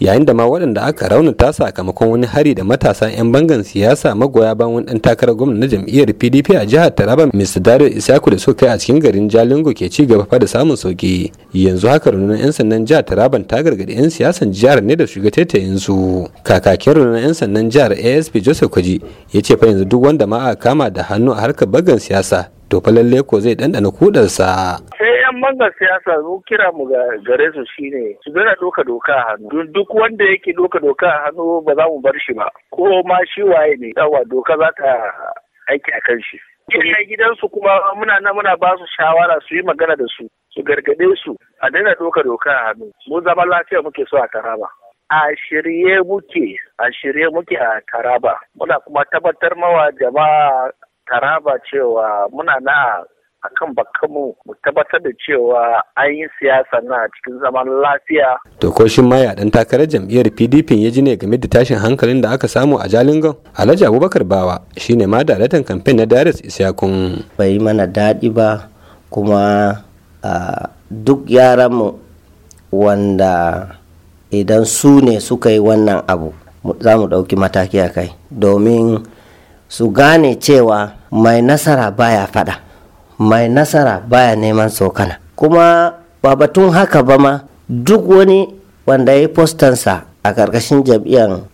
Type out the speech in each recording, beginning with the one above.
yayin da ma waɗanda aka raunata sakamakon wani hari da matasa 'yan bangan siyasa magoya bayan wani ɗan takarar gwamna na jam'iyyar pdp a jihar taraba mr dare Isaku da suka kai a cikin garin jalingo ke ci gaba da samun sauki yanzu haka rundunar 'yan sannan jihar taraban ta gargaɗi 'yan siyasan jihar ne da shiga taitayin su kakakin rundunar 'yan sannan jihar asp joseph kwaji ya ce fa yanzu duk wanda ma aka kama da hannu a harkar bagan siyasa to fa lalle ko zai ɗanɗana kudarsa. yan bangar siyasa mu kira mu gare su shine su gana doka doka a hannu duk wanda yake doka doka a hannu ba za mu bar shi ba ko ma shi waye ne yawa doka za ta aiki a kan shi iyayen gidansu kuma muna nan muna ba su shawara su yi magana da su su gargade su a daina doka doka a hannu mu zama lafiya muke so a taraba a shirye muke a shirye muke a taraba muna kuma tabbatar mawa jama'a taraba cewa muna na akan bakkanmu mu tabbatar da cewa an yi siyasa na cikin zaman lafiya. To ko shin ma ya dan takarar jam'iyyar PDP ya ji ne game da tashin hankalin da aka samu a Jalingon? Alhaji Abubakar Bawa shine ma daratan kamfen na Daris Isyakun. Bai mana daɗi ba kuma duk mu wanda idan su ne suka yi wannan abu za mu ɗauki mataki a kai domin su gane cewa mai nasara baya fada. mai nasara baya neman sokana. kuma ba batun haka ba ma duk wani wanda ya yi postansa a ƙarƙashin jam'iyyar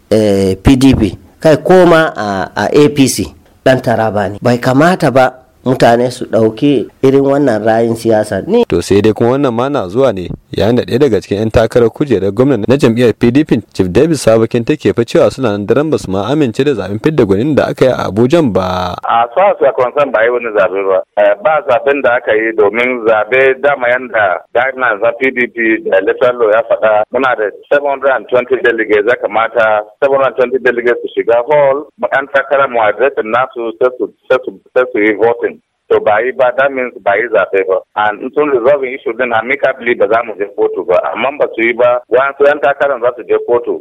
pdp eh, kai koma a apc ɗan taraba ne bai kamata ba mutane su ɗauki irin wannan rayin siyasa ne. To sai dai kuma wannan ma na zuwa ne yayin da ɗaya daga cikin 'yan takarar kujerar gwamna na jam'iyyar PDP Chief David Sabakin take fa cewa suna nan daren ba su ma amince da zaben fidda gwanin da aka yi a Abuja ba. A so a kwanson ba yi wani zaɓe ba. Eh, ba zaben da aka yi domin zaɓe dama yanda guidelines na PDP da electoral ya faɗa muna da 720 delegates ya kamata 720 delegates su shiga hall 'yan takarar mu adresin nasu sai su yi voting. to ba yi ba that means ba yi zaɓe ba and sun resolving issue din amicably ba za mu je kotu ba amma ba su yi ba su yan takarar za su je kotu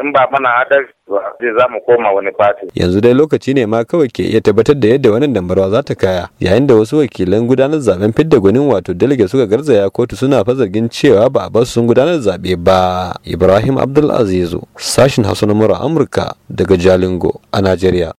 in ba mana adalci ba zai za mu koma wani fati. yanzu dai lokaci ne ma kawai ke iya tabbatar da yadda wannan dambarwa za ta kaya yayin da wasu wakilan gudanar zaben fidda gwanin wato delegate suka garzaya kotu suna fa cewa ba a basu sun gudanar zaɓe ba ibrahim abdulazizu sashin hausa na mura amurka daga jalingo a najeriya